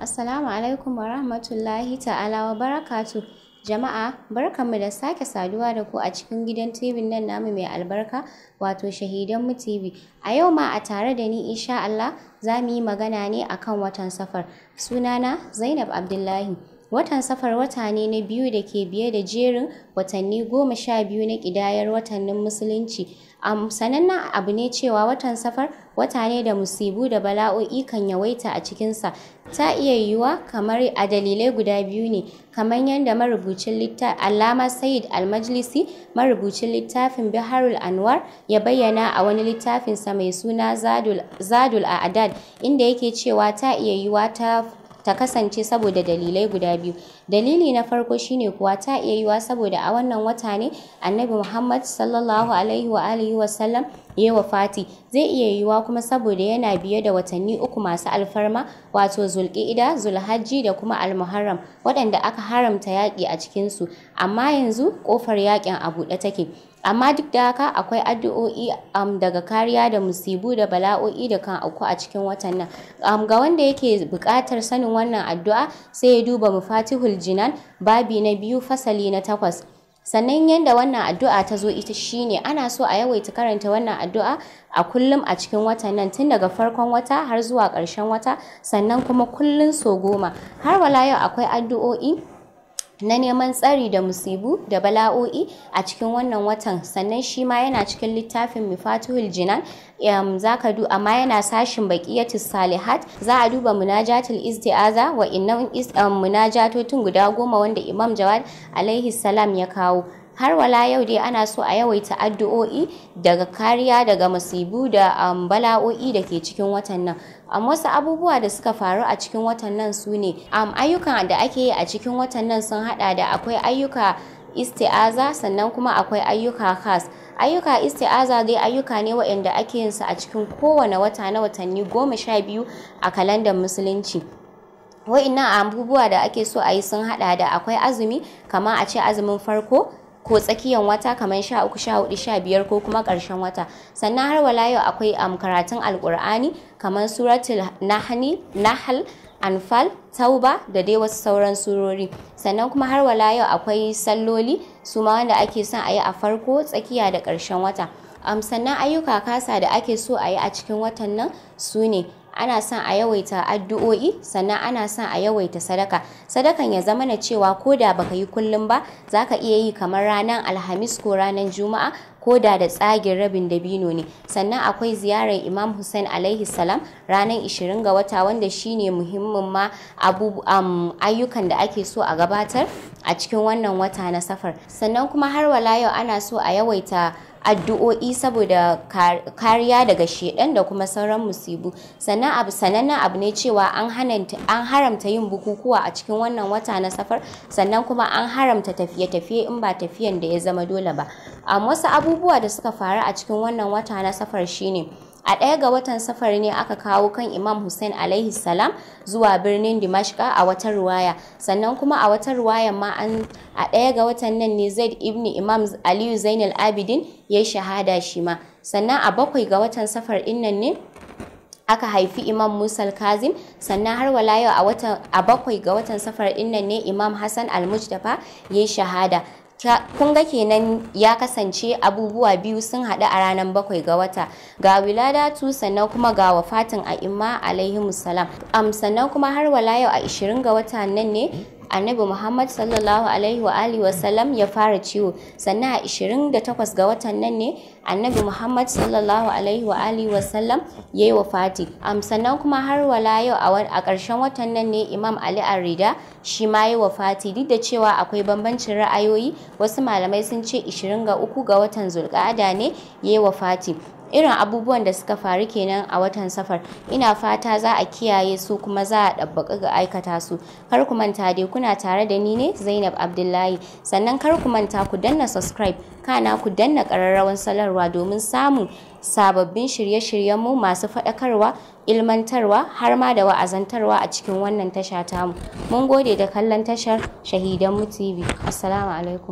Assalamu alaikum wa rahmatullahi ta'ala wa barakatu. Jama'a, barkanmu da sake saduwa da ku a cikin gidan TV nan namu mai albarka, wato Shahidan mu TV. A yau ma a tare da ni insha Allah za mu yi magana ne akan watan safar. Sunana Zainab Abdullahi. Watan safar wata ne na biyu da ke biye da jerin watanni goma sha biyu na ƙidayar watannin Musulunci. Um, sanannen abu ne cewa watan safar wata ne da musibu da bala'o'i kan yawaita a cikinsa ta iya yiwuwa kamar a dalilai guda biyu ne kamar yadda marubucin littafin alama sayid almajlisi marubucin littafin biharul anwar ya bayyana a wani littafinsa mai suna zadul, a adad inda yake cewa ta iya yiwuwa ta ta kasance saboda dalilai guda biyu dalili na farko shine kuwa ta iya yiwa saboda a wannan wata ne annabi muhammad sallallahu alaihi wa alihi wa sallam ya wafati zai iya yiwa kuma saboda yana biye da watanni uku masu alfarma wato zulƙi'ida zulhajji da kuma almuharram waɗanda aka haramta yaƙi a cikinsu amma yanzu ƙofar yaƙin a buɗe take amma duk da haka akwai addu'o'i um, daga kariya da musibu da bala'o'i da kan auku a cikin watan nan um, ga wanda yake buƙatar sanin wannan addu'a sai ya duba mufatihul jinan babi na biyu fasali na takwas sannan yadda wannan addu'a ta zo ita shine ana so a yawaita karanta wannan addu'a a kullum a cikin watan nan tun daga farkon wata har zuwa ƙarshen wata sannan kuma kullum so goma har wala yau akwai addu'o'i na neman tsari da musibu da bala'o'i a cikin wannan watan sannan shi ma yana cikin littafin mifatuhul jinan za ka du amma yana sashin baƙiyatu salihat za a duba munajatul isti'aza wa innan munajatotin guda goma wanda imam jawad alaihi salam ya kawo har wala yau dai ana so a yawaita addu'o'i daga kariya daga masibu da um, bala'o'i da ke cikin watan nan um, wasu abubuwa da suka faru a cikin watan nan su ne um, ayyukan da ake yi a cikin watan nan sun hada da akwai ayyuka isti'aza sannan kuma akwai ayyuka khas ayyuka isti'aza dai ayyuka ne waɗanda ake yin su a cikin kowane wata na watanni goma sha biyu a kalandar musulunci wa'innan abubuwa da ake so a yi sun hada da akwai azumi kamar a ce azumin farko ko tsakiyar wata kamar sha uku sha hudu sha biyar ko kuma ƙarshen wata sannan har wala yau akwai um, karatun alkur'ani kamar suratul nahal anfal tauba da dai wasu sauran surori sannan kuma har wala yau akwai salloli su ma wanda ake son a yi a farko tsakiya da ƙarshen wata um, sannan ayyuka kasa da ake so a yi a cikin watan nan su ne ana son a yawaita addu'o'i sannan ana son a yawaita sadaka sadakan ya zama na cewa ko da baka yi kullum ba za ka iya yi kamar ranar alhamis ko ranar juma'a ko da da tsagin rabin dabino ne sannan akwai ziyarar imam hussein alaihi salam ranar 20 ga wata wanda shine muhimmin ma ayyukan da ake so a gabatar a cikin wannan wata na safar sannan kuma har wala yau ana so a yawaita addu'o'i saboda kariya daga shedan da kuma sauran musibu sannan abu sanannen abu ne cewa an an haramta yin bukukuwa a cikin wannan wata na safar sannan kuma an haramta tafiye-tafiye in ba tafiyan da ya zama dole ba a wasu abubuwa da suka faru a cikin wannan wata na safar shine a ɗaya ga watan safar ne aka kawo kan imam hussein alaihi salam zuwa birnin dimashka a wata ruwaya sannan kuma a wata ruwayan ma a ɗaya ga watan nan ne zaid ibn imam aliyu zainal abidin ya shahada shi ma sannan a bakwai ga watan safar ɗinnan ne aka haifi imam musal kazim sannan har wala yau a bakwai ga watan safar ɗinnan ne imam hassan al almujtafa ya shahada kun ga kenan ya kasance abubuwa biyu sun haɗu a ranar bakwai ga wata ga wiladatu sannan kuma ga wafatin a imma alaihi musalam sannan kuma har wala yau a 20 ga wata nan ne annabi muhammad sallallahu alaihi wa alihi wasallam ya fara ciwo sannan a 28 ga watan nan ne annabi muhammad sallallahu alaihi wa alihi wasallam ya yi wafati am sannan kuma har wala yau a ƙarshen watan nan ne imam ali arida shi ma ya wafati duk da cewa akwai bambancin ra'ayoyi wasu malamai sun ce 23 ga watan zulƙada ne ya yi wafati irin abubuwan da suka faru kenan a watan safar ina fata za a kiyaye su kuma za a ɗabbaƙa ga aikata su kar ku manta dai kuna tare da ni ne zainab abdullahi sannan kar ku manta ku danna subscribe kana ku danna ƙararrawan salarwa domin samun sababbin shirye-shiryenmu masu faɗakarwa ilmantarwa har ma da wa'azantarwa a cikin wannan tasha tamu mun gode da kallon tashar shahidanmu tv assalamu alaikum